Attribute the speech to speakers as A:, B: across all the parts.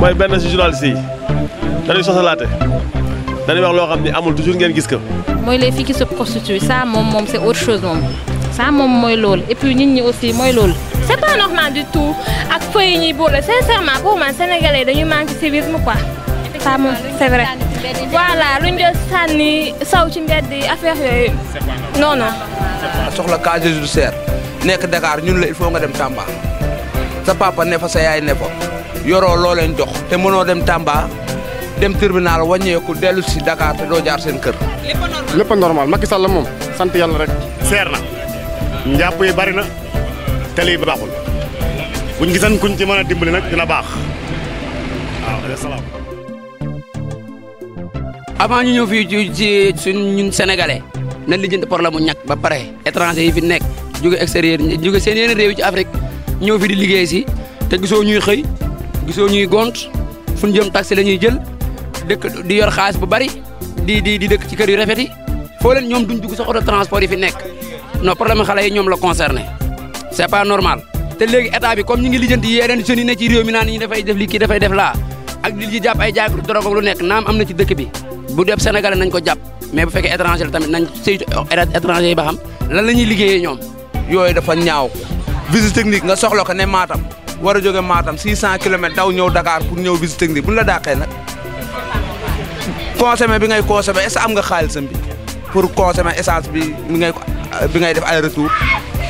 A: moy ben journaliste yi dañuy sosalaate dañuy wax lo xamni amul toujours ngeen gis ko.
B: moy les filles qui se prostituent ça mom mom c'est autre chose mom ça mom moy lool et puis ñitt ñi aussi moy lool c'est pas normal du tout ak feuy ñi ñuy sincèrement pour man sénégalais dañuy manqué civisme quoi. ça moom c'est vrai voilà luñ do sànni saw ci mbedd affaire yooyu non non. soxla casier judiciaire nek Dakar ñun la il faut nga dem Tamba sa papa ne fa sa yaay ne fa. Yoro loo leen jox te mënoo dem Tamba dem tribunal wàññeeku dellu si Dakar te doo jaar seen kër. lépp normal Macky Sall moom sant yàlla rek. seer na njàpp yi bari na télé yi baaxul buñ gisan kuñ ci mën a dimbali nag dina baax waaw avant ñu ñëw fii ci suñ ñun sénégalais na lijjanti problème mu ñàkk ba pare étranger yi fi nekk jóge extérieur jóge seen yeneen réew ci Afrique ñëw fi di liggéey si te gisoo ñuy xëy gisoo ñuy gont fu jëm taxi lañuy jël dëkk di yor xaalis bu bari di di di dëkk ci kër yu rafet yi foo leen ñoom duñ dugg sax auto transport yi fi nekk non problème xale yi ñoom la concerné c'est pas normal te léegi état bi comme ñu ngi lijjanti yeneen jeunes yi ne ci réew mi naan ñu dafay def li kii dafay def laa ak di li jàpp ay jaay drogue lu nekk naam am na ci dëkk bi bu def sénégalais nañ ko jàpp mais bu fekkee étranger tamit nañ saytu étranger yi ba xam lan la ñuy liggéeyee ñoom yooyu dafa ñaaw visite technique nga soxla ko ne maatam wara joge Matam 600 km daw ñew Dakar pour ñew visiter bi bu la dàqee nak consommer bi ngay consommer est am nga xaalisam bi pour consommer essence bi mi ngay bi ngay def aller retour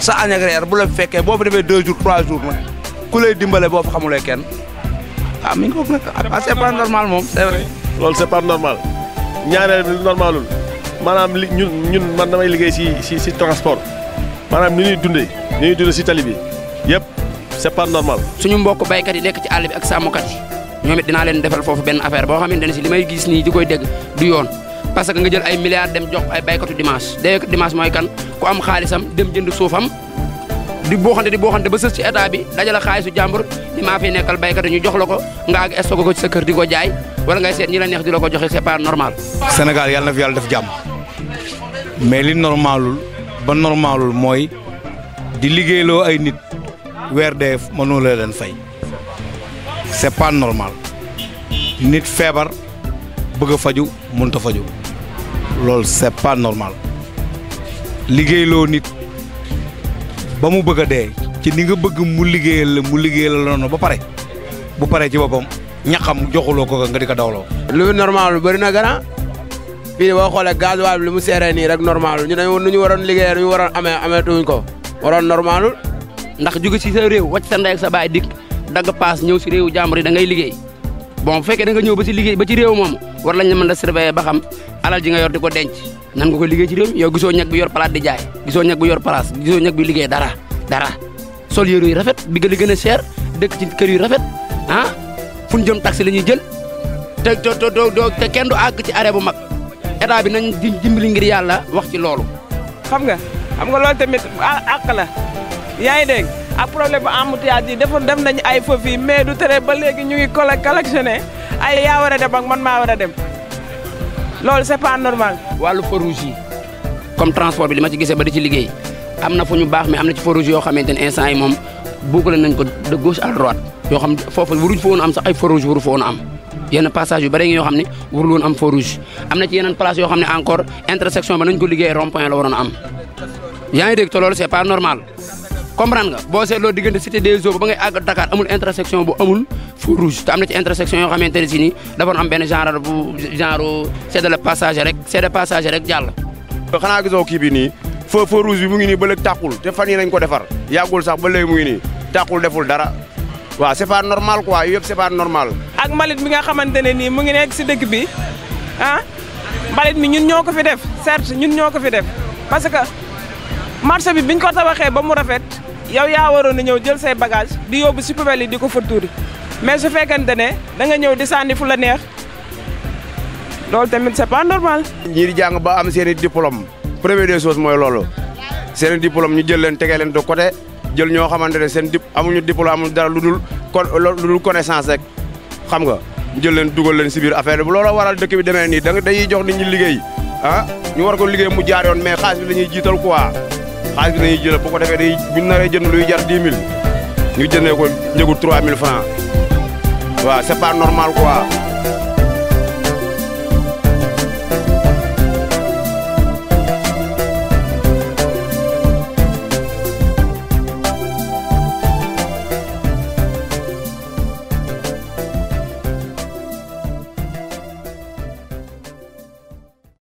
B: sa añ bu la fekke bo fa defé 2 jours 3 jours nag ku lay dimbalé bo fa xamulé kenn ah mi
A: ngi nak ah, ah, c'est pas normal mom c'est vrai. lol c'est pas normal ñaareel bi normalul manam ñun ñun man damay liggéey si si transport manam ni ñuy dundé ni ñuy dundé si tali bi c'est pas
B: normal suñu mbokk baykat yi nekk ci àll bi ak sàmmkat yi ñoom it dinaa leen defal foofu benn affaire boo xamante ne si li may gis nii di koy dégg du yoon parce que nga jël ay milliards dem jox ay baykatu dimanche day dimanche mooy kan ku am xaalisam dem jënd suufam di booxante di booxante ba sës ci état bi dajala xaalisu jàmbur ni maa fi nekkal baykat ñu jox la ko nga ak stocké ko ci sa kër di ko jaay wala ngay seet ñi la neex di la ko joxe c'est pas normal
A: Sénégal yàlla na fi yàlla def jàmm mais li normalul ba normalul mooy di liggéeyloo ay nit weer dee mënu la leen fay c'est pas normal nit feebar bëgg a faju mënut a faju loolu c'est normal liggéeyloo nit ba mu bëgg a dee ci ni nga bëgg mu liggéeyal la mu liggéeyal la noonu ba pare bu paree ci boppam ñaxam joxuloo ko nga di ko dawloo. lu normal lu bëri na gannaaw fii boo xoolee
B: gasoil bi lu mu seeree nii rek normal ñu dañu nu ñu waroon liggéeyee nu ñu waroon amee ameetuñ ko waroon normalul ndax juga si sa réew wacc sa ndey ak sa bay dik dag pass ñew ci réew jàmbur yi da ngay liggéey bon fekkee da nga ñew ba ci liggéey ba ci réew mom war lañ la mëna surveiller ba xam alal ji nga yor diko denc nan nga ko liggéey ci réew yow gisoo ñak bi yor palaat di jaay gisoo ñak bi yor place gisoo ñak bi liggéey dara dara sol rafet bi gën gëna cher dekk ci kër yu rafet ah fuñ jëm taxi la jël te do, do te kenn du ag ci arrêt bu mag état bi nañ dimbali ngir yalla wax ci lolu xam nga xam nga lolu tamit ak ah, la
A: yaay deg a problème bu embouteillage di defon dem nañ ay fof yi mais du téré ba légui ñu ngi collect
B: ay ya wara dem ak man ma wara dem lool c'est pas normal. walu feu yi comme transport bi li ma ci gisee ba di ci liggéey amna fu ñu baax mais amna ci feu yo yoo instant yi moom boucler nañ ko de gauche à droite yo xam fofu waruñ fu won am sax ay feu wuru fu won am. yenn passage yu bari nga yo xamni wuru won am feu amna ci yenen place yo xamni encore intersection ba nañ ko liggéey rond point la waron am yaay deg to lool c'est pas normal comprendre nga bo sétlo digënde cité des eaux ba ngay ag Dakar amul intersection bu amul feu rouge te amna ci intersection yo xamanteni ci ni dafa am ben genre bu genre c'est de le passage rek c'est de passage rek jall
A: xana gisoo kii bi nii feu feu rouge bi mu ngi nii ba léegi tàqul te fan yi lañ ko defar yàggul sax ba léegi mu ngi nii tàqul deful dara waaw c'est pas normal quoi yëpp c'est pas normal. ak malit bi nga xamante ne nii mu ngi nekk si dëkk bi ah malit mi ñun ñoo ko fi def certes ñun ñoo ko fi def parce que marché bi biñ ko tabaxee ba mu rafet yow ya warone ñew jël say bagage di yóbbu ci poubelle yi di ko fa touri mais su fekkante ne da nga ñew di sandi fu la neex loolu tamit c'est pas normal. ñi di jang ba am seen diplôme premier des choses moy loolu seen diplôme ñu jël leen tégué leen do côté jël ño xamantene seen dip amuñu diplôme amuñu dara lu dul connaissance rek xam nga jël leen duggal leen ci biir affaire bu looloo waral dëkk bi démé ni da dañuy jox nit ñi liggéey ah ñu war ko liggéey mu jaar yon mais xaalis bi lañuy jital quoi. xaalis bi dañuy jël bu ko defee day bu ñu naree jënd luy jar 10 000 ñu jëndee ko njëgu 3000 francs waaw c'est pas normal quoi.